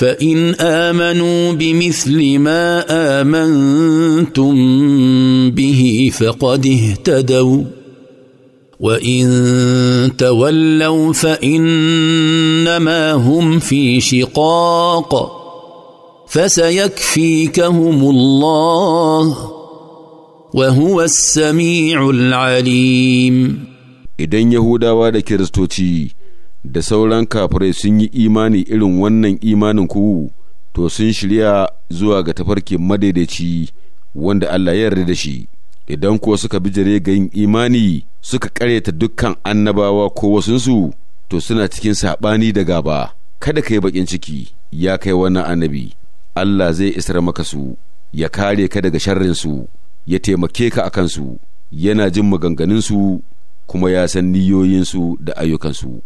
فان امنوا بمثل ما امنتم به فقد اهتدوا وان تولوا فانما هم في شقاق فسيكفيكهم الله وهو السميع العليم اذن يهودا وادا كرستوتي da sauran kafirai sun yi imani irin wannan imanin ku to sun shirya zuwa ga tafarkin madaidaici wanda Allah ya yarda da shi idan ko suka bi jare ga yin imani suka kareta dukkan annabawa ko wasunsu to suna cikin saɓani da gaba kada ka yi baƙin ciki ya kai wannan annabi Allah zai isar maka su ya kare ka daga sharrin su ya taimake ka a kansu yana jin maganganunsu kuma ya san su da ayyukansu